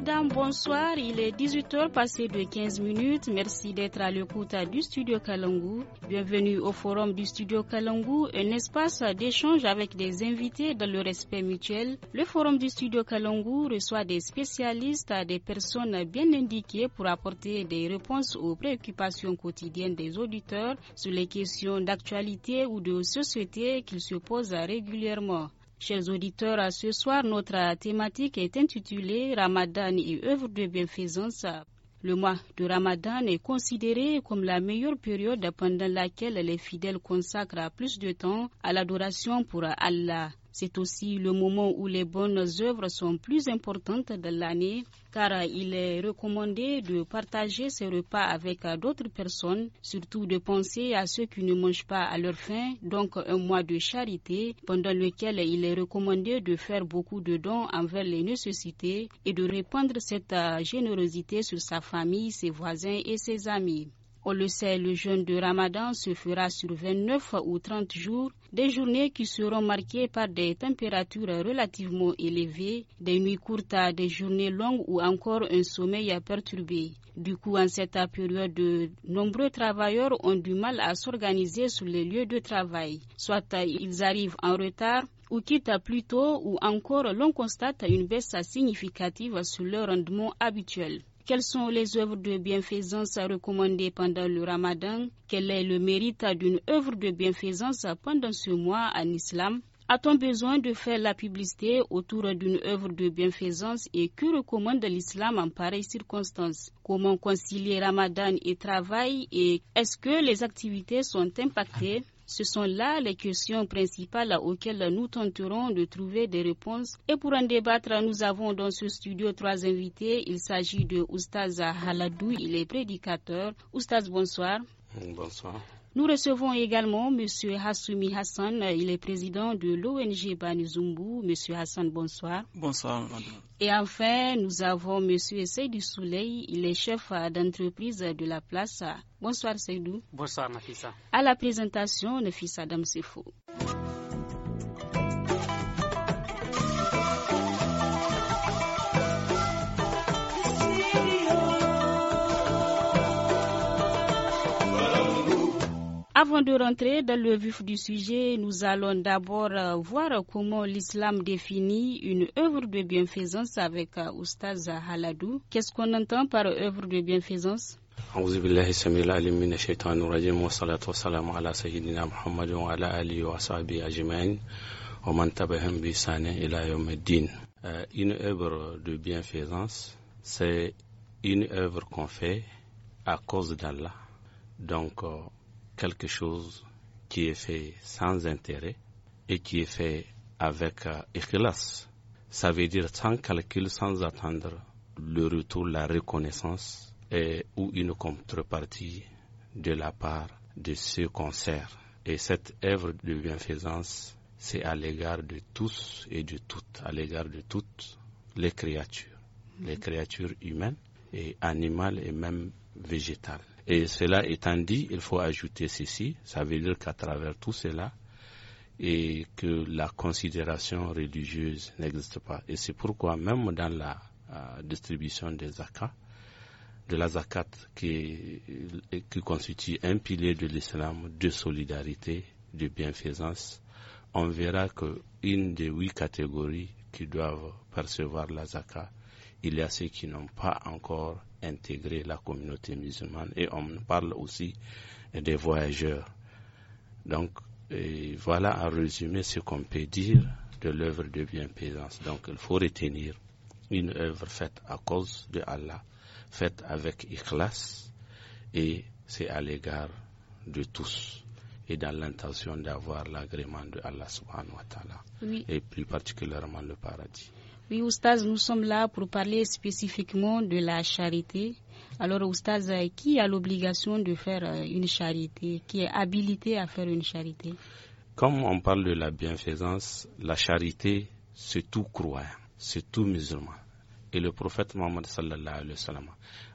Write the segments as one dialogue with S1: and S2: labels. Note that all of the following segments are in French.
S1: Madame, bonsoir. Il est 18h passé de 15 minutes. Merci d'être à l'écoute du studio Kalangu. Bienvenue au forum du studio Kalangu, un espace d'échange avec des invités dans le respect mutuel. Le forum du studio Kalangu reçoit des spécialistes, des personnes bien indiquées pour apporter des réponses aux préoccupations quotidiennes des auditeurs sur les questions d'actualité ou de société qu'ils se posent régulièrement. Chers auditeurs, ce soir, notre thématique est intitulée Ramadan et œuvres de bienfaisance. Le mois de Ramadan est considéré comme la meilleure période pendant laquelle les fidèles consacrent plus de temps à l'adoration pour Allah. C'est aussi le moment où les bonnes œuvres sont plus importantes de l'année car il est recommandé de partager ses repas avec d'autres personnes, surtout de penser à ceux qui ne mangent pas à leur faim, donc un mois de charité pendant lequel il est recommandé de faire beaucoup de dons envers les nécessités et de répandre cette euh, générosité sur sa famille, ses voisins et ses amis. On le sait, le jeûne de Ramadan se fera sur 29 ou 30 jours, des journées qui seront marquées par des températures relativement élevées, des nuits courtes, à des journées longues ou encore un sommeil à perturber. Du coup, en cette période, de nombreux travailleurs ont du mal à s'organiser sur les lieux de travail. Soit ils arrivent en retard, ou quittent plus tôt, ou encore l'on constate une baisse significative sur leur rendement habituel. Quelles sont les œuvres de bienfaisance à recommander pendant le ramadan Quel est le mérite d'une œuvre de bienfaisance pendant ce mois en islam a-t-on besoin de faire la publicité autour d'une œuvre de bienfaisance et que recommande l'islam en pareille circonstance Comment concilier Ramadan et travail et est-ce que les activités sont impactées ce sont là les questions principales auxquelles nous tenterons de trouver des réponses. Et pour en débattre, nous avons dans ce studio trois invités. Il s'agit de Oustaz Haladou, il est prédicateur. Oustaz, bonsoir. Bonsoir. Nous recevons également M. Hassoumi Hassan, il est président de l'ONG Banizumbu. M. Hassan, bonsoir. Bonsoir, madame. Et enfin, nous avons M. Seydou Souley, il est chef d'entreprise de la place. Bonsoir, Seydou. Bonsoir, fille. À la présentation, Nafissa Adam Sefou. Avant de rentrer dans le vif du sujet, nous allons d'abord euh, voir comment l'islam définit une œuvre de bienfaisance avec euh, Oustaz Haladou. Qu'est-ce qu'on entend par œuvre de bienfaisance
S2: Une œuvre de bienfaisance, c'est une œuvre qu'on fait à cause d'Allah. Donc, euh, quelque chose qui est fait sans intérêt et qui est fait avec euh, ikhlas. Ça veut dire sans calcul, sans attendre le retour, la reconnaissance ou une contrepartie de la part de ce concert. Et cette œuvre de bienfaisance, c'est à l'égard de tous et de toutes, à l'égard de toutes les créatures, les mhm. créatures humaines et animales et même végétale. Et cela étant dit, il faut ajouter ceci, ça veut dire qu'à travers tout cela, et que la considération religieuse n'existe pas. Et c'est pourquoi même dans la euh, distribution des zakats, de la zakat qui, qui constitue un pilier de l'islam de solidarité, de bienfaisance, on verra que une des huit catégories qui doivent percevoir la zakat, il y a ceux qui n'ont pas encore intégré la communauté musulmane et on parle aussi des voyageurs. Donc voilà en résumé ce qu'on peut dire de l'œuvre de bienfaisance. Donc il faut retenir une œuvre faite à cause de Allah, faite avec ikhlas et c'est à l'égard de tous et dans l'intention d'avoir l'agrément de Allah et plus particulièrement
S1: le paradis. Oui, Oustaz, nous sommes là pour parler spécifiquement de la charité. Alors, Oustaz, euh, qui a l'obligation de faire euh, une charité Qui est habilité à faire une charité
S2: Comme on parle de la bienfaisance, la charité, c'est tout croyant, c'est tout musulman. Et le prophète Mohammed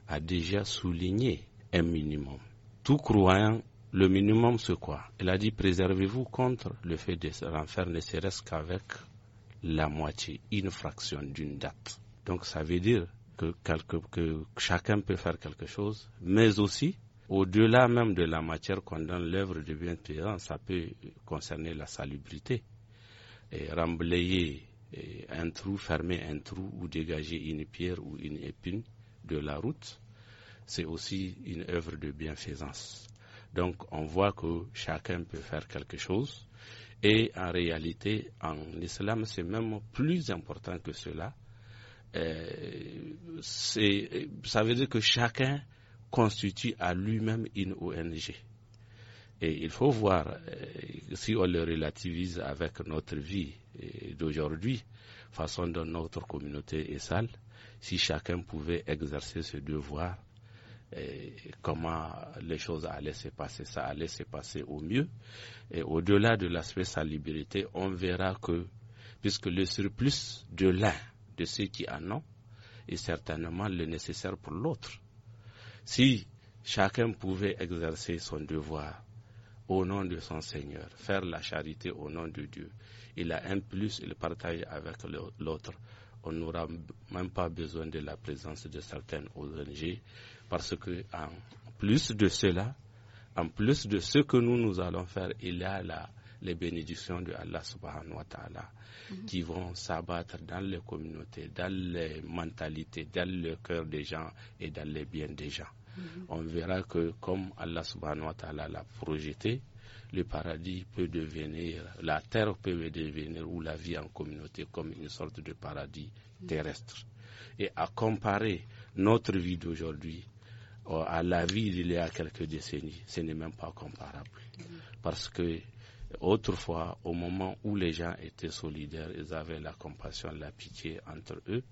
S2: a déjà souligné un minimum. Tout croyant, le minimum, c'est quoi Il a dit préservez-vous contre le fait de se renfermer, ne serait-ce qu'avec la moitié, une fraction d'une date. Donc ça veut dire que, chacun peut faire quelque chose, mais aussi au-delà même de la matière qu'on donne l'œuvre de bienfaisance ça peut concerner la salubrité. Et remblayer un trou, fermer un trou ou dégager une pierre ou une épine de la route, c'est aussi une œuvre de bienfaisance. Donc on voit que chacun peut faire quelque chose et en réalité, en islam, c'est même plus important que cela. Euh, ça veut dire que chacun constitue à lui-même une ONG. Et il faut voir, euh, si on le relativise avec notre vie euh, d'aujourd'hui, façon dont notre communauté est sale, si chacun pouvait exercer ce devoir et comment les choses allaient se passer. Ça allait se passer au mieux. Et au-delà de l'aspect salubrité, on verra que, puisque le surplus de l'un, de ceux qui en ont, est certainement le nécessaire pour l'autre. Si chacun pouvait exercer son devoir au nom de son Seigneur, faire la charité au nom de Dieu, il a un plus, il partage avec l'autre on n'aura même pas besoin de la présence de certaines ONG parce que en plus de cela, en plus de ce que nous, nous allons faire, il y a la, les bénédictions de Allah subhanahu wa ta'ala mhm. qui vont s'abattre dans les communautés, dans les mentalités, dans le cœur des gens et dans les biens des gens. Mhm. On verra que comme Allah subhanahu wa ta'ala l'a projeté, le paradis peut devenir, la terre peut devenir, ou la vie en communauté, comme une sorte de paradis terrestre. Et à comparer notre vie d'aujourd'hui euh, à la vie d'il y a quelques décennies, ce n'est même pas comparable. Parce que autrefois, au moment où les gens étaient solidaires, ils avaient la compassion, la pitié entre eux,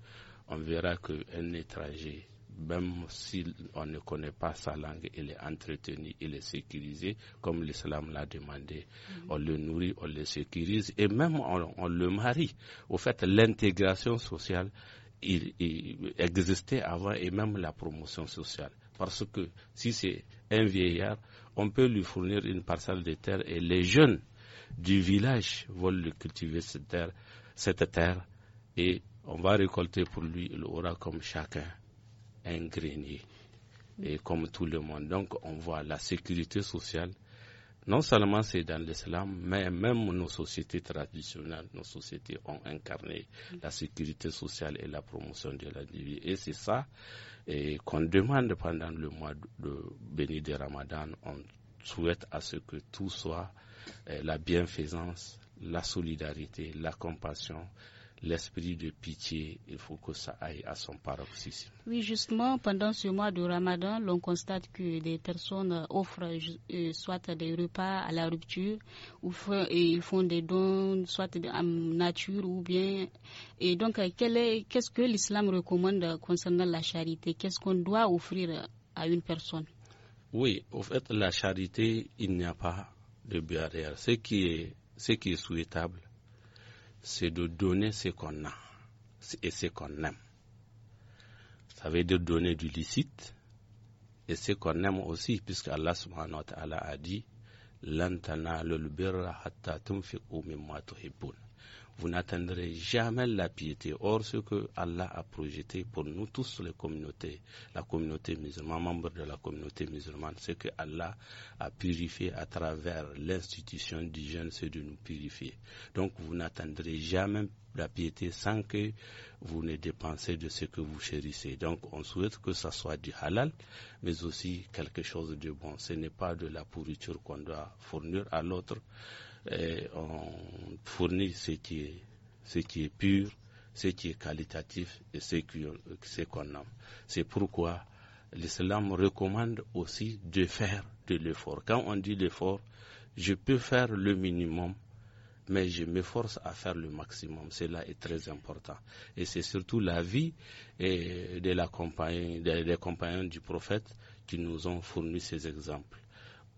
S2: on verra qu'un étranger même si on ne connaît pas sa langue, il est entretenu, il est sécurisé, comme l'islam l'a demandé. Mhm. On le nourrit, on le sécurise, et même on, le marie. Au fait, l'intégration sociale existait avant, et même la promotion sociale. Parce que si c'est un vieillard, on peut lui fournir une parcelle de terre, et les jeunes du village vont lui cultiver cette terre, cette terre et on va récolter pour lui, il aura comme chacun un Et comme tout le monde, donc on voit la sécurité sociale, non seulement c'est dans l'islam, mais même nos sociétés traditionnelles, nos sociétés ont incarné la sécurité sociale et la promotion de la vie. Et c'est ça qu'on demande pendant le mois de béni de Ramadan. On souhaite à ce que tout soit eh, la bienfaisance, la solidarité, la compassion, l'esprit de pitié, il faut que ça aille à son paroxysme.
S1: Oui, justement, pendant ce mois de Ramadan, l'on constate que des personnes offrent euh, soit des repas à la rupture, ou ils font des dons, soit en nature ou bien. Et donc, qu'est-ce que l'islam recommande concernant la charité Qu'est-ce qu'on doit offrir à une personne
S2: oui, au fait, la charité, il n'y a pas de barrière. Ce qui est, ce qui est souhaitable, c'est de donner ce qu'on a et ce qu'on aime. Ça veut dire donner du licite et ce qu'on aime aussi, puisque Allah subhanahu wa ta'ala a dit, Lantana hatta vous n'atteindrez jamais la piété. Or, ce que Allah a projeté pour nous tous, les communautés, la communauté musulmane, membres de la communauté musulmane, ce que Allah a purifié à travers l'institution du jeûne, c'est de nous purifier. Donc, vous n'atteindrez jamais la piété sans que vous ne dépensez de ce que vous chérissez. Donc, on souhaite que ça soit du halal, mais aussi quelque chose de bon. Ce n'est pas de la pourriture qu'on doit fournir à l'autre on fournit ce qui est, pur, ce qui est qualitatif et ce qu'on a. C'est pourquoi l'islam recommande aussi de faire de l'effort. Quand on dit l'effort, je peux faire le minimum, mais je m'efforce à faire le maximum. Cela est très important. Et c'est surtout la vie de la des compagnons du prophète qui nous ont fourni ces exemples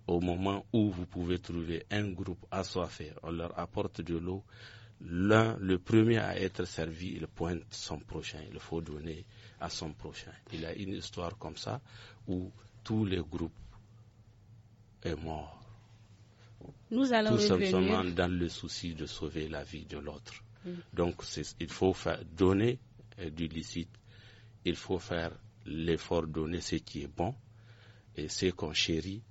S2: au moment où vous pouvez trouver un groupe à assoiffé, on leur apporte de l'eau. L'un, le premier à être servi, il pointe son prochain. Il faut donner à son prochain. Il y a une histoire comme ça où tous les groupes est mort.
S1: Nous allons Tout simplement
S2: dans le souci de sauver la vie de l'autre. Mm. Donc, il faut faire, donner euh, du licite. Il faut faire l'effort, donner ce qui est bon et ce qu'on chérit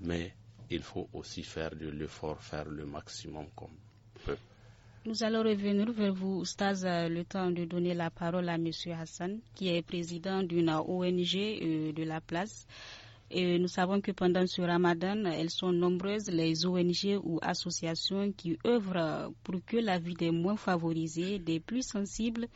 S2: mais il faut aussi faire de l'effort, faire le maximum comme peut.
S1: Nous allons revenir vers vous, Stas, euh, le temps de donner la parole à M. Hassan, qui est président d'une ONG euh, de la place nous savons que pendant ce ramadan, elles sont nombreuses les ONG ou associations qui œuvrent pour que la vie des moins favorisés, des plus sensibles,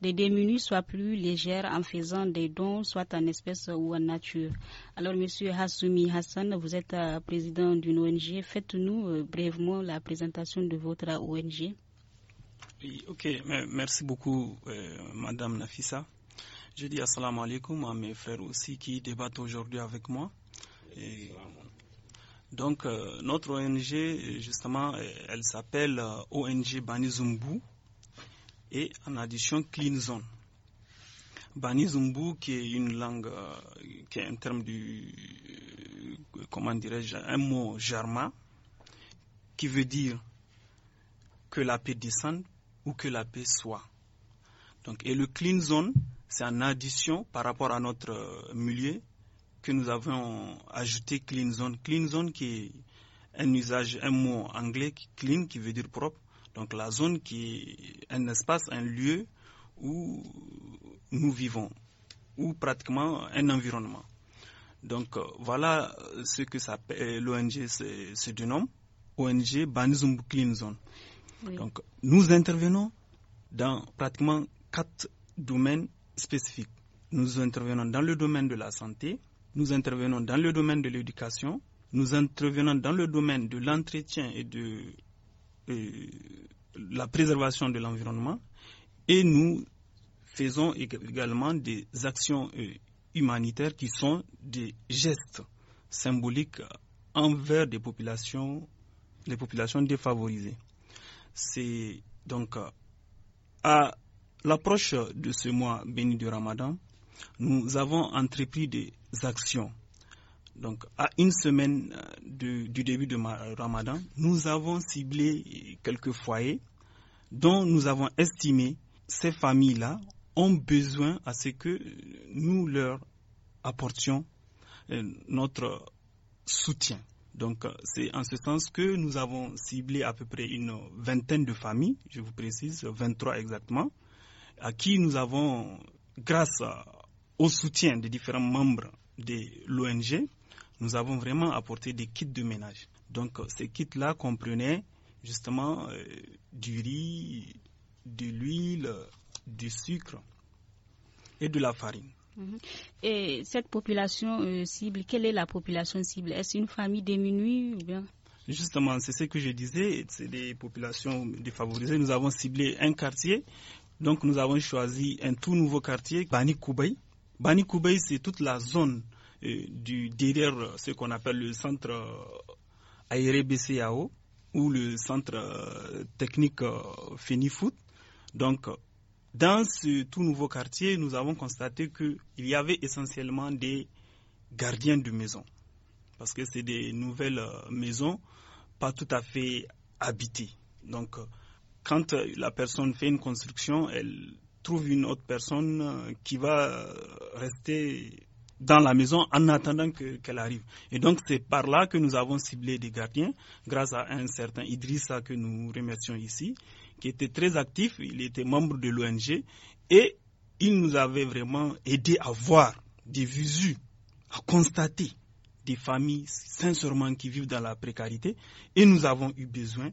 S1: des démunis soit plus légère en faisant des dons, soit en espèces ou en nature. Alors, monsieur Hassoumi Hassan, vous êtes euh, président d'une ONG. Faites-nous euh, brièvement la présentation de votre ONG.
S3: ok. Merci beaucoup, Mme euh, madame Nafissa. Je dis assalamu alaikum à mes frères aussi qui débattent aujourd'hui avec moi. donc, euh, notre ONG, justement, euh, elle s'appelle euh, ONG Banizumbu et en addition Clean Zone. Banizumbu, qui est une langue, qui est un terme du, comment dirais-je, un mot germain, qui veut dire que la paix descende ou que la paix soit. Donc, et le Clean Zone, c'est en addition par rapport à notre euh, milieu que nous avons ajouté clean zone. Clean zone qui est un usage, un mot anglais clean qui veut dire propre. Donc la zone qui est un espace, un lieu où nous vivons, ou pratiquement un environnement. Donc euh, voilà euh, ce que l'ONG se dénomme, ONG Banizum Clean Zone. Donc nous intervenons dans pratiquement quatre domaines nous intervenons dans le domaine de la santé, nous intervenons dans le domaine de l'éducation, nous intervenons dans le domaine de l'entretien et de euh, la préservation de l'environnement et nous faisons également des actions euh, humanitaires qui sont des gestes symboliques envers des populations, les populations défavorisées. C'est donc euh, à l'approche de ce mois béni du Ramadan, nous avons entrepris des actions. Donc, à une semaine euh, du début de Ramadan, nous avons ciblé quelques foyers dont nous avons estimé ces familles-là ont besoin à ce que nous leur apportions euh, notre soutien. Donc, euh, c'est en ce sens que nous avons ciblé à peu près une vingtaine de familles, je vous précise, 23 exactement, à qui nous avons, grâce au soutien des différents membres de l'ONG, nous avons vraiment apporté des kits de ménage. Donc euh, ces kits-là comprenaient justement euh, du riz, de l'huile, du sucre et de la farine.
S1: Mhm. Et cette population euh, cible, quelle est la population cible Est-ce une famille diminuée bien
S3: Justement, c'est ce que je disais, c'est des populations défavorisées. Nous avons ciblé un quartier donc nous avons choisi un tout nouveau quartier, Bani Koubay. Bani Koubay c'est toute la zone euh, du derrière euh, ce qu'on appelle le centre euh, aéré BCAO ou le centre technique Fenifoot. Donc dans ce tout nouveau quartier, nous avons constaté qu'il y avait essentiellement des gardiens de maison, parce que c'est des nouvelles maisons pas tout à fait habitées. Donc quand euh, la personne fait une construction, elle trouve une autre personne euh, qui va euh, rester dans la maison en attendant qu'elle arrive. Et donc c'est par là que nous avons ciblé des gardiens, grâce à un certain Idrissa que nous remercions ici, qui était très actif, il était membre de l'ONG, et il nous avait vraiment aidé à voir des visus, à constater des familles sincèrement qui vivent dans la précarité, et nous avons eu besoin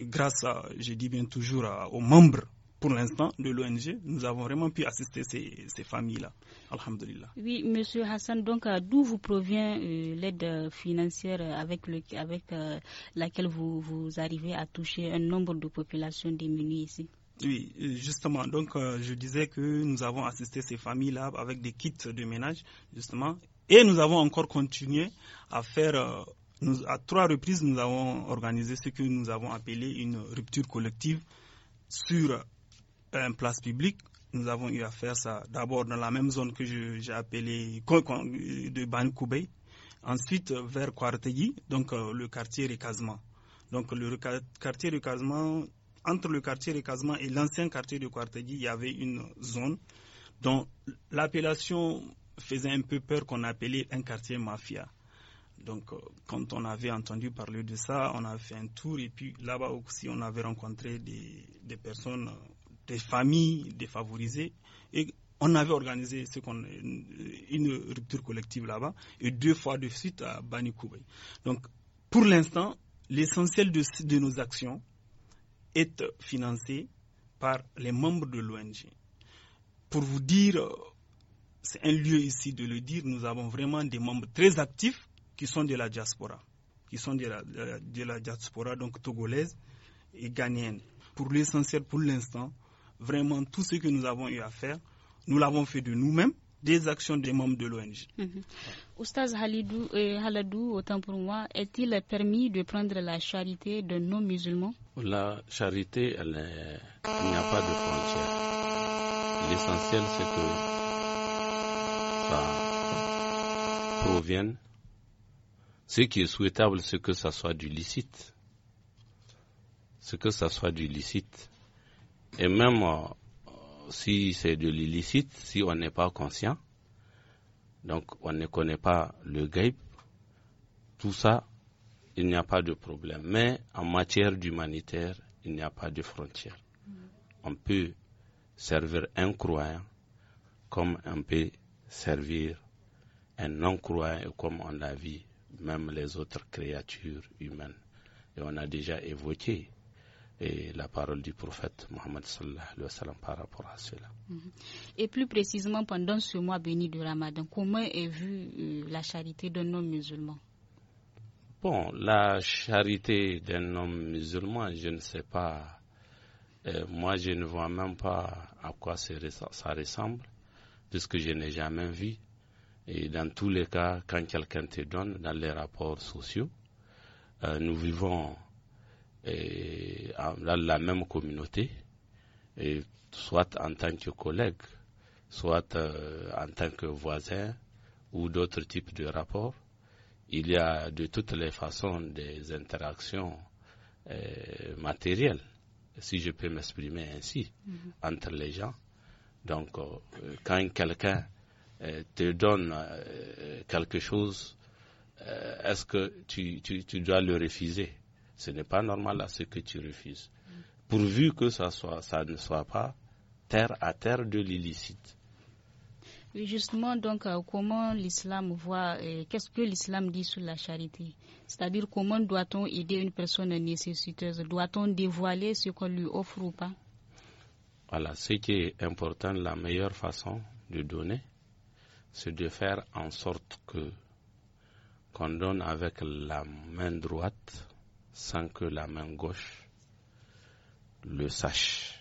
S3: grâce, à, je dis bien toujours, aux membres pour l'instant de l'ONG, nous avons vraiment pu assister ces, familles-là. Alhamdulillah.
S1: Oui, Monsieur Hassan, donc euh, d'où vous provient euh, l'aide euh, financière avec, le, avec laquelle vous, arrivez à toucher un nombre de populations diminuées ici
S3: oui, justement, donc je disais que nous avons assisté ces familles-là avec des kits de ménage, justement, et nous avons encore continué à faire à trois reprises, nous avons organisé ce que nous avons appelé une rupture collective sur une place publique. Nous avons eu à faire ça d'abord dans la même zone que j'ai appelée euh, de Ban Koubey ensuite vers Kwartegui, euh, donc le quartier Rekazma. Donc le quartier Recasement, entre le quartier Rekazma et l'ancien quartier de Kwartegui, il y avait une zone dont l'appellation faisait un peu peur qu'on appelait un quartier mafia. Donc, euh, quand on avait entendu parler de ça, on a fait un tour et puis là-bas aussi, on avait rencontré des, personnes, euh, des familles défavorisées et on avait organisé ce qu'on, euh, une rupture collective là-bas et deux fois de suite à Bani Donc, pour l'instant, l'essentiel de nos actions est financé par les membres de l'ONG. Pour vous dire, c'est un lieu ici de le dire, nous avons vraiment des membres très actifs qui sont de la diaspora, qui sont de la, diaspora donc togolaise et ghanienne Pour l'essentiel, pour l'instant, vraiment tout ce que nous avons eu à faire, nous l'avons fait de nous-mêmes des actions des membres de l'ONG.
S1: Mhm. Oustaz Halidou, euh, Haladou, autant pour moi, est-il permis de prendre la charité de nos musulmans
S2: La charité, elle, il n'y a pas de frontière L'essentiel, c'est que ça provienne ce qui est souhaitable, c'est que ça soit du licite. Ce que ça soit du licite. Et même euh, si c'est de l'illicite, si on n'est pas conscient, donc on ne connaît pas le gaib, tout ça, il n'y a pas de problème. Mais en matière d'humanitaire, il n'y a pas de frontière. Mm. On peut servir un croyant comme on peut servir un non-croyant, comme on l'a vu même les autres créatures humaines. Et on a déjà évoqué eh, la parole du prophète Mohammed alayhi par rapport à cela.
S1: Mhm. Et plus précisément, pendant ce mois béni du Ramadan, comment est vue euh, la charité d'un homme musulman
S2: Bon, la charité d'un homme musulman, je ne sais pas. Eh, moi, je ne vois même pas à quoi ça ressemble, puisque je n'ai jamais vu. Et dans tous les cas, quand quelqu'un te donne, dans les rapports sociaux, euh, nous vivons dans la même communauté, soit en tant que collègue, soit euh, en tant que voisin ou d'autres types de rapports. Il y a de toutes les façons des interactions euh, matérielles, si je peux m'exprimer ainsi, mm-hmm. entre les gens. Donc, quand quelqu'un euh, te donne euh, quelque chose, euh, est-ce que tu, dois le refuser Ce n'est pas normal à ce que tu refuses. Pourvu que ça, soit, ça ne soit pas terre à terre de l'illicite.
S1: justement, donc, comment l'islam voit, qu'est-ce que l'islam dit sur la charité C'est-à-dire, comment doit-on aider une personne nécessiteuse Doit-on dévoiler ce qu'on lui offre ou pas
S2: Voilà, ce qui est important, la meilleure façon de donner, c'est de faire en sorte que qu'on donne avec la main droite sans que la main gauche le sache.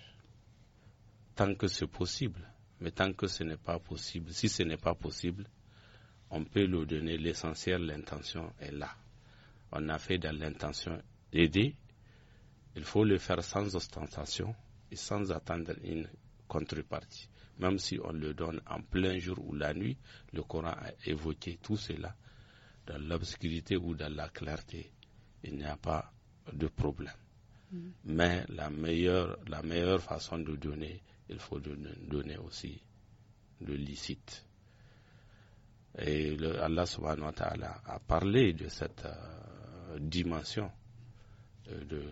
S2: Tant que c'est possible, mais tant que ce n'est pas possible, si ce n'est pas possible, on peut lui donner l'essentiel, l'intention est là. On a fait dans l'intention d'aider, il faut le faire sans ostentation et sans attendre une contrepartie. Même si on le donne en plein jour ou la nuit, le Coran a évoqué tout cela dans l'obscurité ou dans la clarté. Il n'y a pas de problème. Mm. Mais la meilleure, la meilleure façon de donner, il faut donner, aussi le licite. Et Allah subhanahu wa ta'ala a parlé de cette euh, dimension euh, de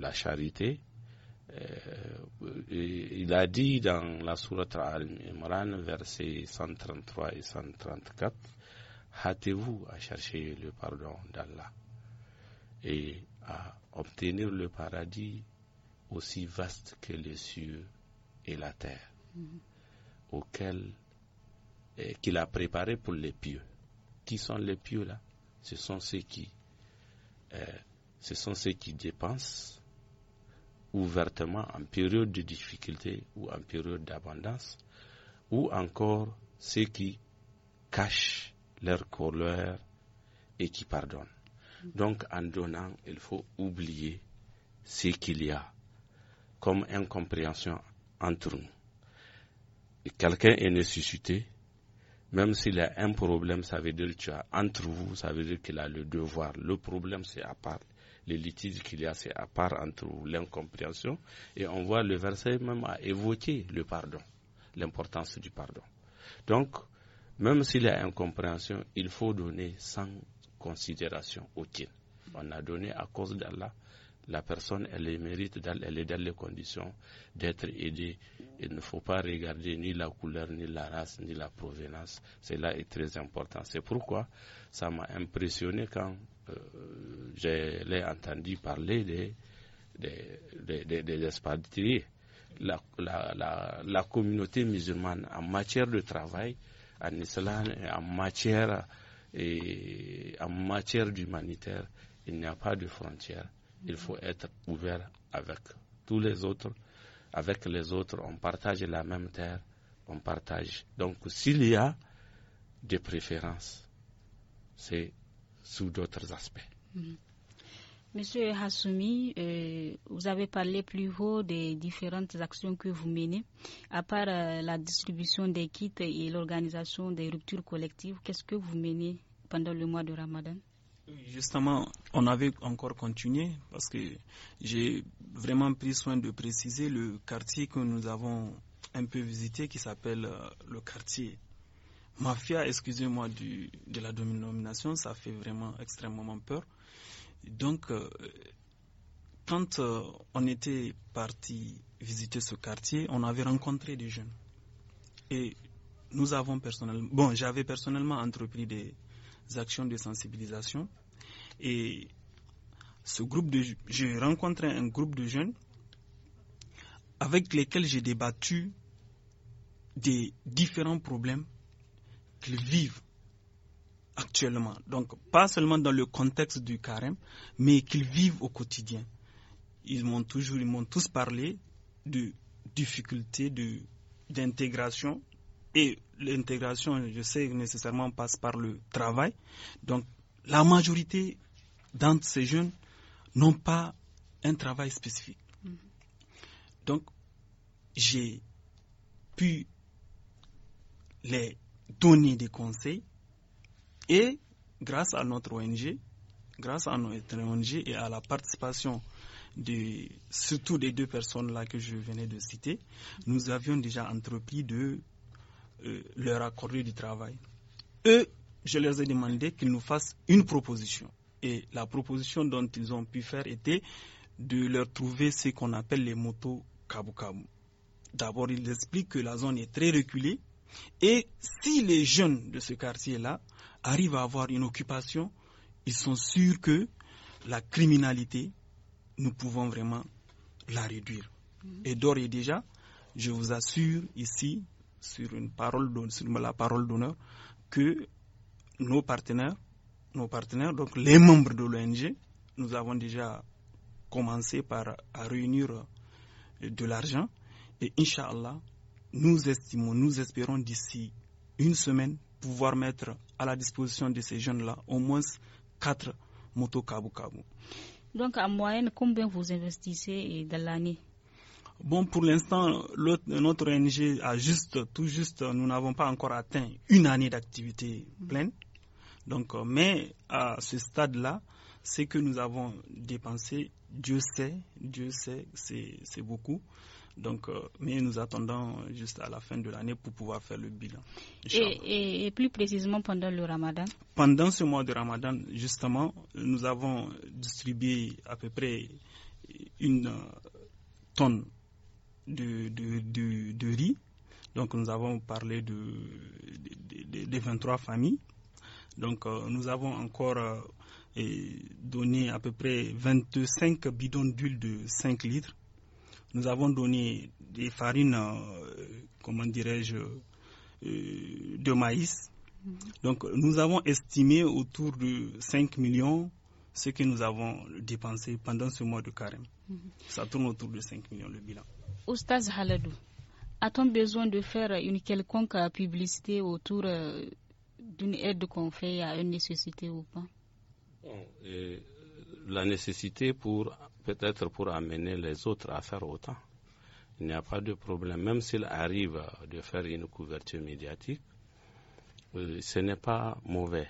S2: la charité euh, il a dit dans la sourate Al-Imran, versets 133 et 134, hâtez-vous à chercher le pardon d'Allah et à obtenir le paradis aussi vaste que les cieux et la terre, mm-hmm. auquel euh, qu'il a préparé pour les pieux. Qui sont les pieux là Ce sont ceux qui, euh, ce sont ceux qui dépensent ouvertement en période de difficulté ou en période d'abondance, ou encore ceux qui cachent leur colère et qui pardonnent. Donc en donnant, il faut oublier ce qu'il y a comme incompréhension entre nous. Quelqu'un est nécessité, même s'il a un problème, ça veut dire que tu as entre vous, ça veut dire qu'il a le devoir. Le problème, c'est à part les litiges qu'il y a, c'est à part entre l'incompréhension. Et on voit le verset même à évoquer le pardon, l'importance du pardon. Donc, même s'il y a incompréhension, il faut donner sans considération aucune. On a donné à cause d'Allah. La personne, elle mérite, elle est dans les conditions d'être aidée. Il ne faut pas regarder ni la couleur, ni la race, ni la provenance. Cela est très important. C'est pourquoi ça m'a impressionné quand euh, je l'ai entendu parler des, des, des, La, la, la, communauté musulmane en matière de travail en Islande, en matière, et en matière d'humanitaire, il n'y a pas de frontières. Il faut être ouvert avec tous les autres. Avec les autres, on partage la même terre, on partage. Donc s'il y a des préférences, c'est sous d'autres aspects.
S1: Mm-hmm. Monsieur Hassoumi, euh, vous avez parlé plus haut des différentes actions que vous menez. À part euh, la distribution des kits et l'organisation des ruptures collectives, qu'est-ce que vous menez pendant le mois de Ramadan
S3: Justement, on avait encore continué parce que j'ai vraiment pris soin de préciser le quartier que nous avons un peu visité qui s'appelle euh, le quartier mafia, excusez-moi, de la domination, ça fait vraiment extrêmement peur. Donc, euh, quand euh, on était parti visiter ce quartier, on avait rencontré des jeunes. Et nous avons personnellement, bon, j'avais personnellement entrepris des actions de sensibilisation. Et ce groupe de, j'ai rencontré un groupe de jeunes avec lesquels j'ai débattu des différents problèmes qu'ils vivent actuellement. Donc, pas seulement dans le contexte du carême, mais qu'ils vivent au quotidien. Ils m'ont toujours, ils m'ont tous parlé de difficultés de, d'intégration. Et l'intégration, je sais, nécessairement passe par le travail. Donc, la majorité d'entre ces jeunes n'ont pas un travail spécifique. Mm-hmm. Donc, j'ai pu les donner des conseils et grâce à notre ONG, grâce à notre ONG et à la participation de, surtout des deux personnes-là que je venais de citer, nous avions déjà entrepris de euh, leur accorder du travail. Eux, je leur ai demandé qu'ils nous fassent une proposition. Et la proposition dont ils ont pu faire était de leur trouver ce qu'on appelle les motos kabukabu. D'abord, ils expliquent que la zone est très reculée et si les jeunes de ce quartier-là arrivent à avoir une occupation, ils sont sûrs que la criminalité, nous pouvons vraiment la réduire. Et d'ores et déjà, je vous assure ici, sur, une parole, la parole d'honneur, que nos partenaires, nos partenaires, donc les membres de l'ONG, nous avons déjà commencé par à réunir euh, de l'argent et Inch'Allah, nous estimons, nous espérons d'ici une semaine pouvoir mettre à la disposition de ces jeunes-là au moins quatre motos Kabu Kabu.
S1: Donc, en moyenne, combien vous investissez dans l'année
S3: Bon, pour l'instant, notre ONG a juste, tout juste, nous n'avons pas encore atteint une année d'activité pleine. Donc, euh, mais à ce stade-là, ce que nous avons dépensé, Dieu sait, Dieu sait, c'est beaucoup. Donc, euh, mais nous attendons juste à la fin de l'année pour pouvoir faire le bilan.
S1: Et, plus précisément pendant le ramadan
S3: Pendant ce mois de ramadan, justement, nous avons distribué à peu près une tonne de, de, riz. Donc nous avons parlé de, de, 23 familles. Donc euh, nous avons encore euh, donné à peu près 25 bidons d'huile de 5 litres nous avons donné des farines, euh, comment dirais-je, euh, de maïs. Mhm. Donc nous avons estimé autour de 5 millions ce que nous avons dépensé pendant ce mois de carême. Mhm. Ça tourne autour de 5 millions le bilan.
S1: Oustaz Haladou, a-t-on besoin de faire une quelconque publicité autour euh, d'une aide qu'on fait à une nécessité ou pas
S2: La nécessité pour peut-être pour amener les autres à faire autant. Il n'y a pas de problème, même s'il arrive de faire une couverture médiatique, euh, ce n'est pas mauvais.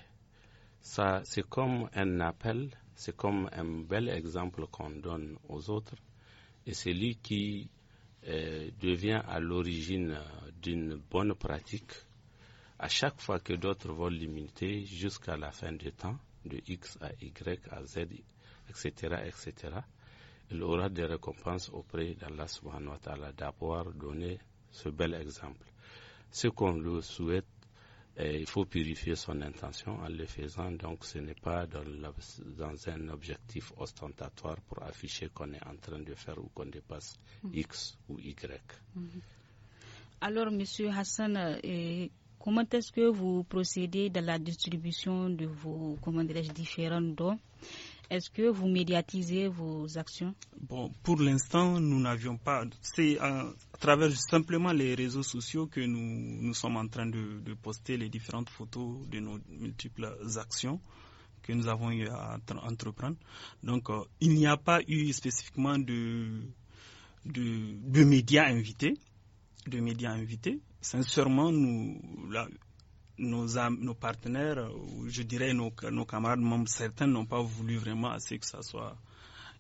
S2: Ça, c'est comme un appel, c'est comme un bel exemple qu'on donne aux autres, et c'est lui qui euh, devient à l'origine d'une bonne pratique. À chaque fois que d'autres vont l'imiter jusqu'à la fin du temps, de X à Y à Z, etc., etc., il aura des récompenses auprès d'Allah subhanahu wa ta'ala d'avoir donné ce bel exemple. Ce qu'on le souhaite, il faut purifier son intention en le faisant, donc ce n'est pas dans, un objectif ostentatoire pour afficher qu'on est en train de faire ou qu'on dépasse mm-hmm. X ou Y. Mm-hmm.
S1: Alors, Monsieur Hassan, euh, comment est-ce que vous procédez dans la distribution de vos, comment différents dons est-ce que vous médiatisez vos actions
S3: Bon, pour l'instant, nous n'avions pas. C'est à, travers simplement les réseaux sociaux que nous, nous sommes en train de, poster les différentes photos de nos multiples actions que nous avons eu à entreprendre. Donc, euh, il n'y a pas eu spécifiquement de, de, médias invités de médias invités. Sincèrement, nous, la, nos, nos partenaires, ou je dirais nos, nos camarades membres, certains n'ont pas voulu vraiment assez que ça soit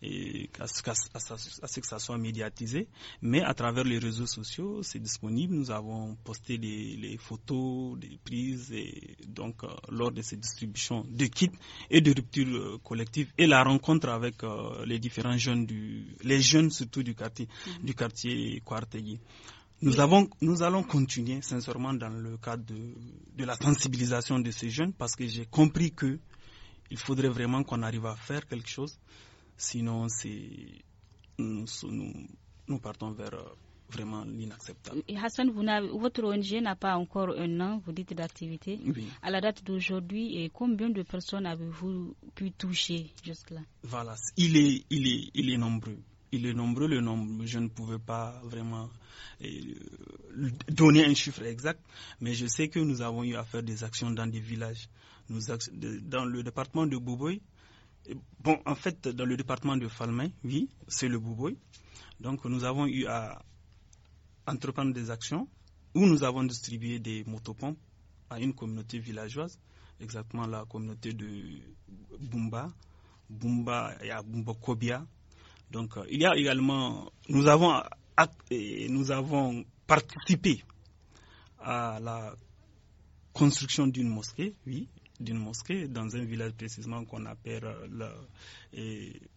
S3: et à, ce, à, ce que ça soit médiatisé. Mais à travers les réseaux sociaux, c'est disponible. Nous avons posté les, les photos, des prises, et donc euh, lors de ces distributions de kits et de ruptures collective euh, collectives et la rencontre avec euh, les différents jeunes du, les jeunes surtout du quartier, mm-hmm. du quartier Quartier. Nous, avons, nous allons continuer sincèrement dans le cadre de, la sensibilisation de ces jeunes parce que j'ai compris que il faudrait vraiment qu'on arrive à faire quelque chose. Sinon, c'est, nous, partons vers euh, vraiment l'inacceptable.
S1: Hassan, votre ONG n'a pas encore un an, vous dites, d'activité. À la date d'aujourd'hui, combien de personnes avez-vous pu toucher jusque-là
S3: Voilà, il est, il, est, il est nombreux il est nombreux le nombre. Je ne pouvais pas vraiment euh, donner un chiffre exact, mais je sais que nous avons eu à faire des actions dans des villages. Nous, dans le département de Bouboy, bon, en fait, dans le département de Falmain, oui, c'est le Bouboy. Donc, nous avons eu à entreprendre des actions où nous avons distribué des motopompes à une communauté villageoise, exactement la communauté de Bumba, Bumba et à Bumba Kobia, donc euh, il y a également, nous avons, euh, euh, nous avons participé à la construction d'une mosquée, oui, d'une mosquée dans un village précisément qu'on appelle le,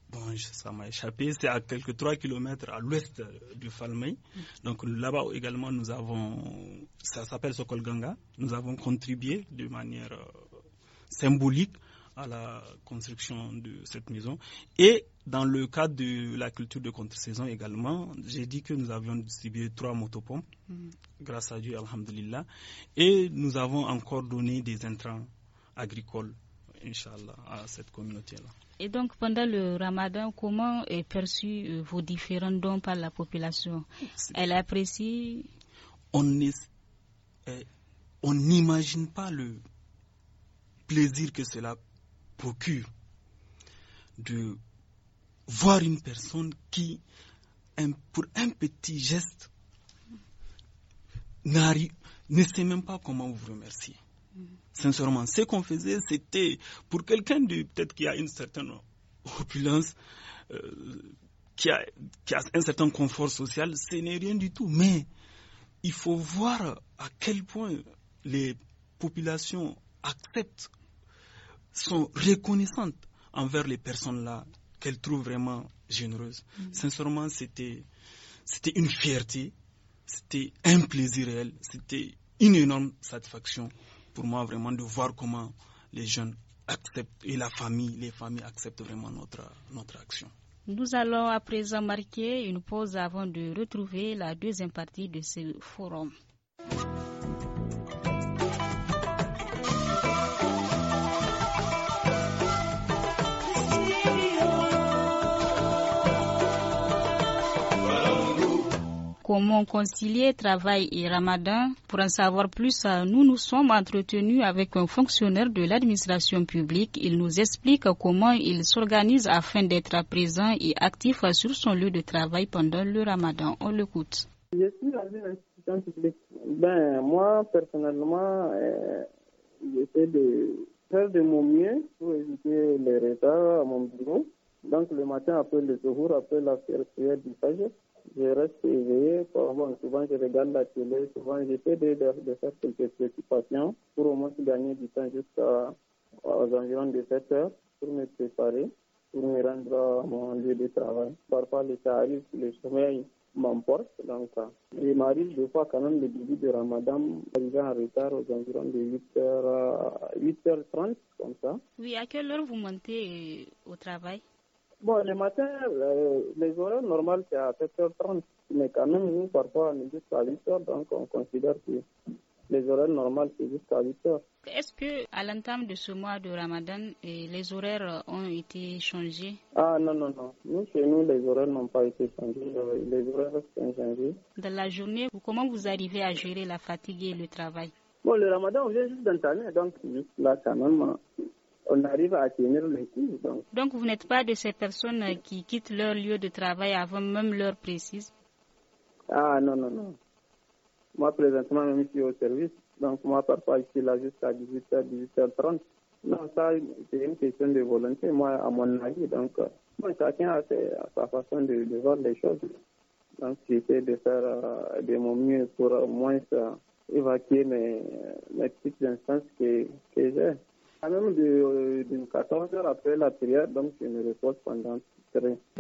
S3: bon, ça m'a échappé, c'est à quelques trois kilomètres à l'ouest du Falmey. Donc là-bas également nous avons, ça s'appelle Sokolganga, nous avons contribué de manière symbolique à la construction de cette maison. Et dans le cadre de la culture de contre-saison également, j'ai dit que nous avions distribué trois motopompes, mm-hmm. grâce à Dieu, alhamdulillah, et nous avons encore donné des intrants agricoles, inshallah, à cette communauté-là.
S1: Et donc, pendant le ramadan, comment est perçu euh, vos différents dons par la population Elle apprécie
S3: On eh, on n'imagine pas le plaisir que cela procure de voir une personne qui, pour un petit geste, ne sait même pas comment vous remercier. Sincèrement, ce qu'on faisait, c'était pour quelqu'un de peut-être qui a une certaine opulence, euh, qui, a, qui, a, un certain confort social, ce n'est rien du tout. Mais il faut voir à quel point les populations acceptent, sont reconnaissantes envers les personnes-là qu'elle trouve vraiment généreuse. Mm. Sincèrement, c'était, c'était une fierté, c'était un plaisir réel, c'était une énorme satisfaction pour moi vraiment de voir comment les jeunes acceptent et la famille, les familles acceptent vraiment notre, notre action.
S1: Nous allons à présent marquer une pause avant de retrouver la deuxième partie de ce forum. comment concilier travail et ramadan. Pour en savoir plus, euh, nous nous sommes entretenus avec un fonctionnaire de l'administration publique. Il nous explique comment il s'organise afin d'être présent et actif sur son lieu de travail pendant le ramadan. On l'écoute.
S4: Ben, moi, personnellement, euh, j'essaie de faire de mon mieux pour éviter les retards à mon bureau. Donc, le matin, après le jour, après la prière du Fajr, je reste éveillé. souvent, je regarde la télé. Souvent, j'essaie de, faire quelques préoccupations pour au moins gagner du temps jusqu'à aux environs de 7 heures pour me préparer, pour me rendre à mon lieu de travail. Parfois, le sommeil m'emporte. Donc, hein. il m'arrive des fois quand même le début de Ramadan, arrivé en retard aux environs de 8 h 8h30, comme ça.
S1: Oui, à quelle heure vous montez au travail Bon, le matin,
S4: euh, les horaires normales, c'est à 7h30. Mais quand même, nous, parfois, on est à 8h, donc on considère que les horaires normales, c'est à 8h.
S1: Est-ce que à l'entame de ce mois de Ramadan, les horaires ont été changés
S4: Ah non, non, non. Nous, chez nous, les horaires n'ont pas été changés. Euh, les horaires sont changés.
S1: Dans la journée, comment vous arrivez à gérer la fatigue et le travail
S4: Bon, le Ramadan, on vient juste d'entamer, donc là, quand même, hein, on arrive à tenir les coup.
S1: Donc, vous n'êtes pas de ces personnes qui quittent leur lieu de travail avant même l'heure précise
S4: Ah non, non, non. Moi, présentement, même, je suis au service. Donc, moi, parfois, je suis là jusqu'à 18h, 18h30. Non, ça, c'est une question de volonté, moi, à mon avis. Donc, moi, euh, chacun a, sa façon de, voir les choses. Donc, j'essaie de faire euh, de mon mieux pour euh, au moins évacuer mes, petites instances que j'ai. À même de, 14h euh, après la prière, donc je me repose pendant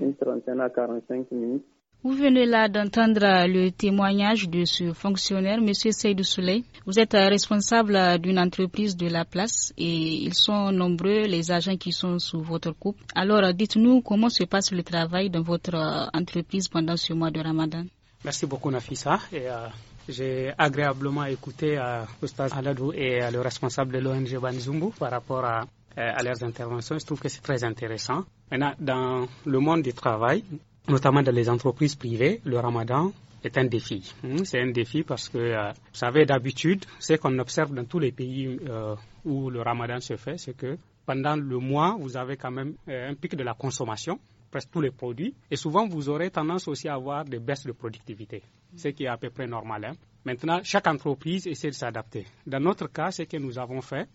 S4: une trentaine à 45 minutes.
S1: Vous venez là d'entendre le témoignage de ce fonctionnaire, M. Seydou soleil Vous êtes responsable d'une entreprise de la place et ils sont nombreux, les agents qui sont sous votre coupe. Alors, dites-nous comment se passe le travail dans votre euh, entreprise pendant ce mois de Ramadan.
S5: Merci beaucoup, Nafisa. Et, euh, j'ai agréablement écouté à euh, Oustaz Aladou et à euh, le responsable de l'ONG Banizumbu par rapport à, euh, à leurs interventions. Je trouve que c'est très intéressant. Maintenant, dans le monde du travail, notamment dans les entreprises privées, le ramadan est un défi. Hmm, c'est un défi parce que, vous savez, d'habitude, ce qu'on observe dans tous les pays où le ramadan se fait, c'est que pendant le mois, vous avez quand même un pic de la consommation presque tous les produits. Et souvent, vous aurez tendance aussi à avoir des baisses de productivité, ce qui est à peu près normal. Hein. Maintenant, chaque entreprise essaie de s'adapter. Dans notre cas, ce que nous avons fait,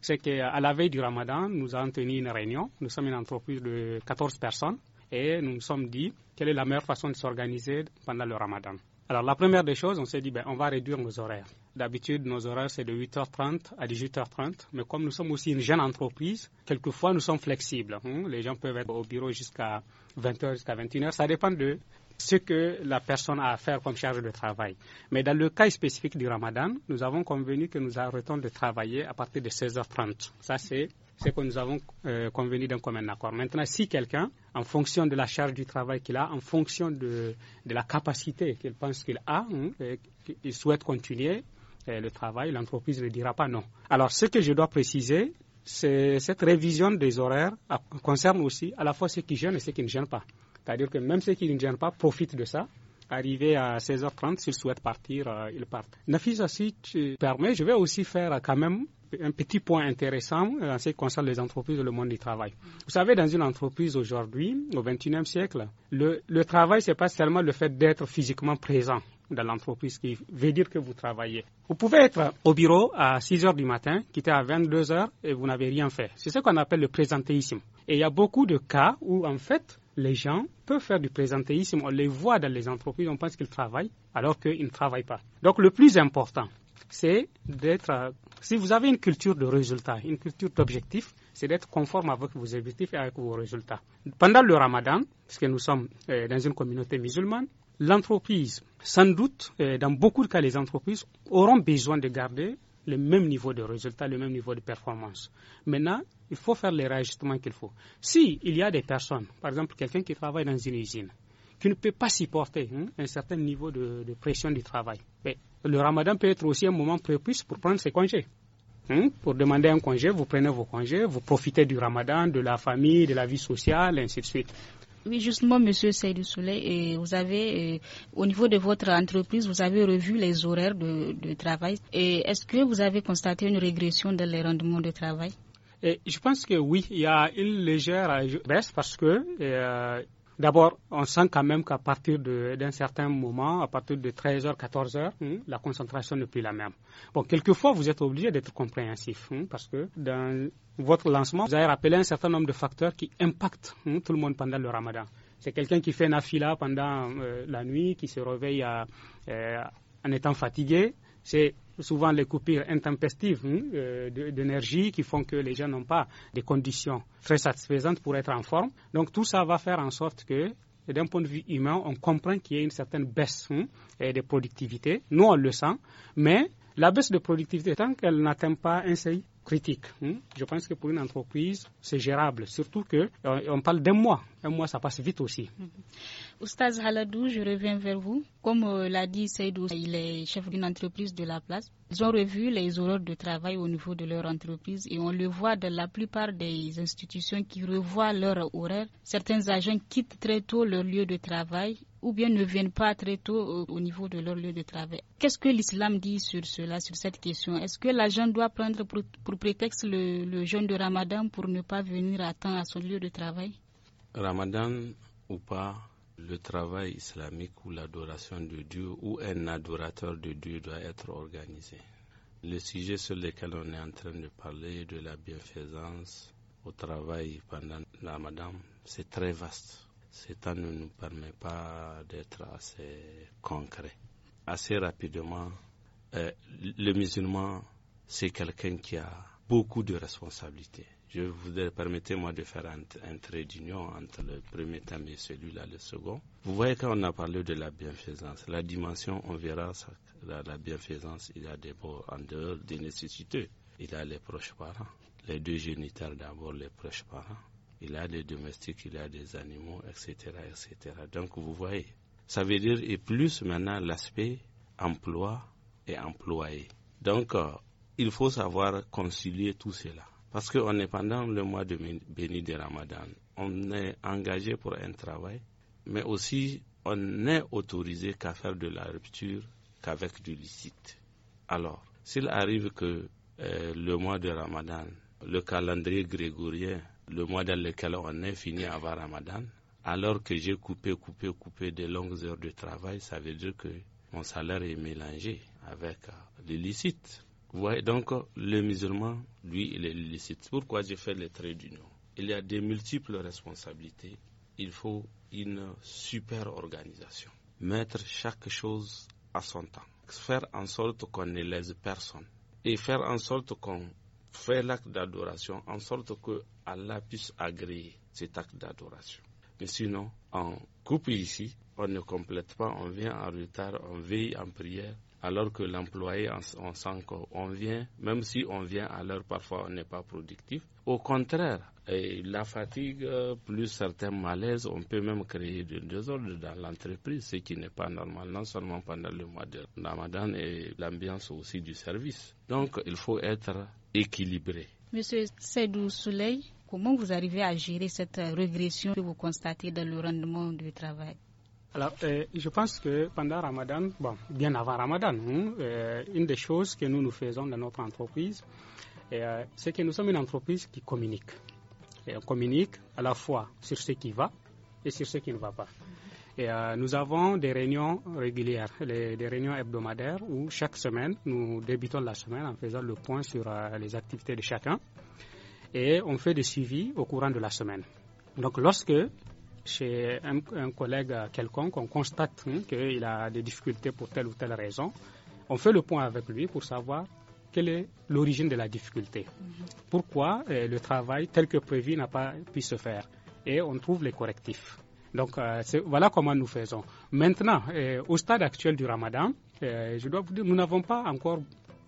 S5: c'est qu'à la veille du ramadan, nous avons tenu une réunion. Nous sommes une entreprise de 14 personnes et nous nous sommes dit quelle est la meilleure façon de s'organiser pendant le ramadan. Alors la première des choses, on s'est dit, ben, on va réduire nos horaires. D'habitude, nos horaires, c'est de 8h30 à 18h30, mais comme nous sommes aussi une jeune entreprise, quelquefois nous sommes flexibles. Hein. Les gens peuvent être au bureau jusqu'à 20h, jusqu'à 21h, ça dépend de ce que la personne a à faire comme charge de travail. Mais dans le cas spécifique du ramadan, nous avons convenu que nous arrêtons de travailler à partir de 16h30. Ça, c'est c'est que nous avons euh, convenu d'un commun accord. Maintenant, si quelqu'un, en fonction de la charge du travail qu'il a, en fonction de, la capacité qu'il pense qu'il a, il hein, euh, qu'il souhaite continuer euh, le travail, l'entreprise ne dira pas non. Alors, ce que je dois préciser, c'est cette révision des horaires concerne aussi à la fois ceux qui gênent et ceux qui ne gênent pas. C'est-à-dire que même ceux qui ne gênent pas profitent de ça Arrivé à 16h30, s'ils souhaitent partir, euh, ils partent. Nafis tu permet, je vais aussi faire euh, quand même un petit point intéressant euh, en ce qui concerne les entreprises et le monde du travail. Vous savez, dans une entreprise aujourd'hui, au XXIe siècle, le, travail, ce n'est pas seulement le fait d'être physiquement présent dans l'entreprise qui veut dire que vous travaillez. Vous pouvez être au bureau à 6 h du matin, quitter à 22 h et vous n'avez rien fait. C'est ce qu'on appelle le présentéisme. Et il y a beaucoup de cas où, en fait, les gens peuvent faire du présentéisme. On les voit dans les entreprises, on pense qu'ils travaillent alors qu'ils ne travaillent pas. Donc le plus important, c'est d'être... Euh, si vous avez une culture de résultat, une culture d'objectif, c'est d'être conforme avec vos objectifs et avec vos résultats. Pendant le ramadan, puisque nous sommes euh, dans une communauté musulmane, l'entreprise, sans doute, euh, dans beaucoup de cas, les entreprises auront besoin de garder le même niveau de résultat, le même niveau de performance. Maintenant, il faut faire les réajustements qu'il faut. S'il il y a des personnes, par exemple quelqu'un qui travaille dans une usine, qui ne peut pas supporter hein, un certain niveau de, pression du travail, ben, le ramadan peut être aussi un moment propice pour prendre ses congés. Hein, pour demander un congé, vous prenez vos congés, vous profitez du ramadan, de la famille, de la vie sociale, ainsi de suite.
S1: Oui, justement, Monsieur Seydou Soleil, vous avez, euh, au niveau de votre entreprise, vous avez revu les horaires de, travail. Et est-ce que vous avez constaté une régression dans les rendements de travail
S5: je pense que oui, il y a une légère euh, baisse parce que euh, D'abord, on sent quand même qu'à partir d'un certain moment, à partir de 13h, 14h, hmm, la concentration n'est plus la même. Bon, quelquefois, vous êtes obligé d'être compréhensif hmm, parce que dans votre lancement, vous avez rappelé un certain nombre de facteurs qui impactent hmm, tout le monde pendant le ramadan. C'est quelqu'un qui fait nafila pendant euh, la nuit, qui se réveille euh, euh, en étant fatigué souvent les coupures intempestives hein, euh, d'énergie qui font que les gens n'ont pas des conditions très satisfaisantes pour être en forme. Donc tout ça va faire en sorte que d'un point de vue humain, on comprend qu'il y a une certaine baisse hein, de productivité. Nous, on le sent, mais la baisse de productivité, tant qu'elle n'atteint pas un seuil critique, hein, je pense que pour une entreprise, c'est gérable. Surtout que euh, on parle d'un mois. Un mois, ça passe vite aussi. Mm-hmm.
S1: Oustaz Haladou, je reviens vers vous. Comme euh, l'a dit Seydou, il est chef d'une entreprise de la place. Ils ont revu les horaires de travail au niveau de leur entreprise et on le voit dans la plupart des institutions qui revoient leurs horaires. Certains agents quittent très tôt leur lieu de travail ou bien ne viennent pas très tôt euh, au niveau de leur lieu de travail. Qu'est-ce que l'islam dit sur cela, sur cette question Est-ce que l'agent doit prendre pour, prétexte le jeûne de Ramadan pour ne pas venir à temps à son lieu de travail
S2: Ramadan ou pas le travail islamique ou l'adoration de Dieu ou un adorateur de Dieu doit être organisé. Le sujet sur lequel on est en train de parler de la bienfaisance au travail pendant la madame, c'est très vaste. Ce temps ne nous permet pas d'être assez concret. Assez rapidement, euh, le musulman, c'est quelqu'un qui a beaucoup de responsabilités. Je voudrais, permettez-moi de faire un, trait d'union entre le premier thème et celui-là, le second. Vous voyez, quand on a parlé de la bienfaisance, la dimension, on verra, ça, la, bienfaisance, il y a des en dehors des nécessités. Il y a les proches parents, les deux génitaires d'abord, les proches parents. Il y a les domestiques, il y a des animaux, etc., etc. Donc, vous voyez, ça veut dire, et plus maintenant, l'aspect emploi et employé. Donc, euh, il faut savoir concilier tout cela. Parce qu'on est pendant le mois de béni de Ramadan. On est engagé pour un travail, mais aussi on n'est autorisé qu'à faire de la rupture qu'avec du licite. Alors, s'il arrive que euh, le mois de Ramadan, le calendrier grégorien, le mois dans lequel on est fini avant Ramadan, alors que j'ai coupé, coupé, coupé des longues heures de travail, ça veut dire que mon salaire est mélangé avec euh, le licite donc le musulman, lui, il est illicite. Pourquoi j'ai fait les traits d'union Il y a des multiples responsabilités. Il faut une super organisation. Mettre chaque chose à son temps. Faire en sorte qu'on ne lèse personne. Et faire en sorte qu'on fait l'acte d'adoration, en sorte que Allah puisse agréer cet acte d'adoration. Mais sinon, on coupe ici, on ne complète pas, on vient en retard, on veille en prière, alors que l'employé, on, sent qu'on vient, même si on vient à l'heure, parfois on n'est pas productif. Au contraire, la fatigue, euh, plus certains malaises, on peut même créer du désordre dans l'entreprise, ce qui n'est pas normal, non seulement pendant le mois de Ramadan et l'ambiance aussi du service. Donc, il faut être équilibré.
S1: Monsieur Seydou Soleil, comment vous arrivez à gérer cette régression que vous constatez dans le rendement du travail
S5: alors, euh, je pense que pendant Ramadan, bon, bien avant Ramadan, hein, euh, une des choses que nous nous faisons dans notre entreprise, euh, c'est que nous sommes une entreprise qui communique. Et on communique à la fois sur ce qui va et sur ce qui ne va pas. Et nous avons des réunions régulières, des réunions hebdomadaires où chaque semaine, nous débutons la semaine en faisant le point sur les activités de chacun et on fait des suivis au courant de la semaine. Donc, lorsque chez un, collègue quelconque, on constate hein, qu'il a des difficultés pour telle ou telle raison, on fait le point avec lui pour savoir quelle est l'origine de la difficulté. Mhm. Pourquoi euh, le travail tel que prévu n'a pas pu se faire Et on trouve les correctifs. Donc euh, voilà comment nous faisons. Maintenant, euh, au stade actuel du ramadan, je dois vous dire, nous n'avons pas encore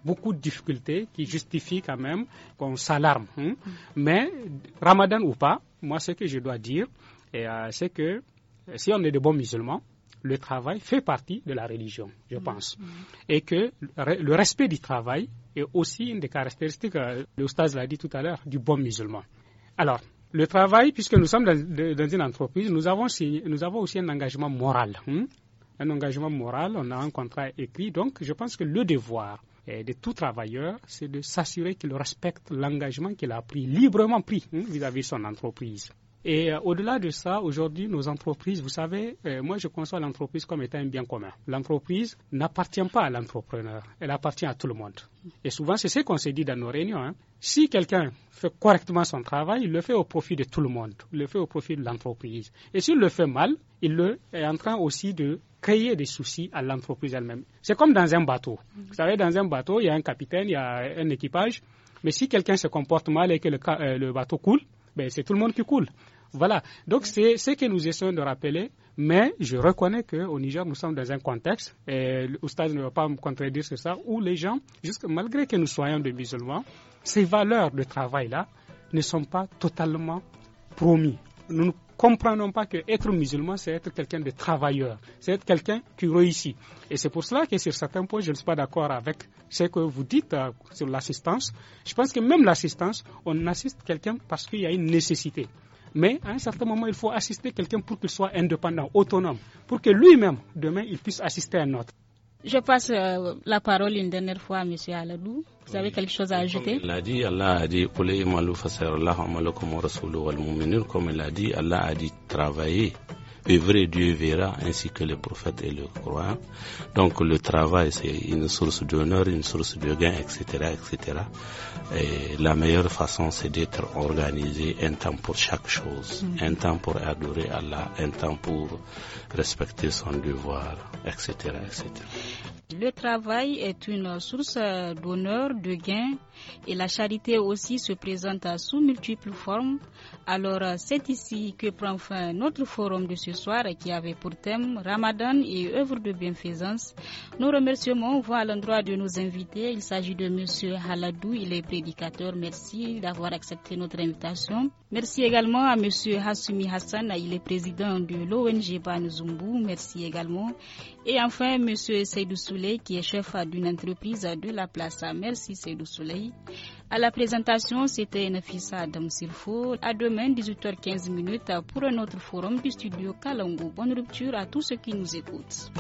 S5: beaucoup de difficultés qui justifient quand même qu'on s'alarme. Hein. Mhm. Mais ramadan ou pas, moi ce que je dois dire, euh, c'est que euh, si on est de bons musulmans, le travail fait partie de la religion, je mm. pense. Mm. Et que le respect du travail est aussi une des caractéristiques, euh, l'Oustaz l'a dit tout à l'heure, du bon musulman. Alors, le travail, puisque nous sommes dans, une entreprise, nous avons, nous avons aussi un engagement moral. Hein. Un engagement moral, on a un contrat écrit, donc je pense que le devoir eh, de tout travailleur, c'est de s'assurer qu'il respecte l'engagement qu'il a pris, librement pris hein, vis-à-vis de -vis son entreprise. Et euh, au-delà de ça, aujourd'hui, nos entreprises, vous savez, euh, moi je conçois l'entreprise comme étant un bien commun. L'entreprise n'appartient pas à l'entrepreneur, elle appartient à tout le monde. Et souvent, c'est ce qu'on se dit dans nos réunions. Hein. Si quelqu'un fait correctement son travail, il le fait au profit de tout le monde, il le fait au profit de l'entreprise. Et s'il le fait mal, il est en train aussi de créer des soucis à l'entreprise elle-même. C'est comme dans un bateau. Mhm. Vous savez, dans un bateau, il y a un capitaine, il y a un équipage. Mais si quelqu'un se comporte mal et que le, euh, le bateau coule, ben, c'est tout le monde qui coule. Voilà. Donc, c'est ce que nous essayons de rappeler. Mais je reconnais qu'au Niger, nous sommes dans un contexte, et stade ne va pas me contredire sur ça, où les gens, malgré que nous soyons des musulmans, ces valeurs de travail-là ne sont pas totalement promis. Nous ne comprenons pas qu'être musulman, c'est être quelqu'un de travailleur, c'est être quelqu'un qui réussit. Et c'est pour cela que sur certains points, je ne suis pas d'accord avec ce que vous dites euh, sur l'assistance. Je pense que même l'assistance, on assiste quelqu'un parce qu'il y a une nécessité. Mais à un certain moment, il faut assister quelqu'un pour qu'il soit indépendant, autonome, pour que lui-même, demain, il puisse assister à un autre.
S1: Je passe euh, la parole une dernière fois à M. Aladou. Vous avez quelque chose à ajouter Comme
S2: il a dit, Allah a dit, comme a dit, Allah a dit, vrai Dieu verra, ainsi que les prophètes et le croyant. Donc le travail, c'est une source d'honneur, une source de gain, etc., etc. Et la meilleure façon, c'est d'être organisé, un temps pour chaque chose, mm. un temps pour adorer Allah, un temps pour respecter son devoir, etc., etc.
S1: Le travail est une source d'honneur, de gain et la charité aussi se présente sous multiples formes. Alors, c'est ici que prend fin notre forum de ce soir qui avait pour thème Ramadan et œuvre de bienfaisance. Nos remerciements vont à l'endroit de nos invités. Il s'agit de M. Haladou, il est prédicateur. Merci d'avoir accepté notre invitation. Merci également à monsieur Hassoumi Hassan, il est président de l'ONG Banzumbu. Merci également. Et enfin, M. Seydou Souley, qui est chef d'une entreprise de la place. Merci Seydou Souley. À la présentation, c'était Nafissa Adam Sirfo. À demain, 18h15 pour un autre forum du studio Kalongo. Bonne rupture à tous ceux qui nous écoutent.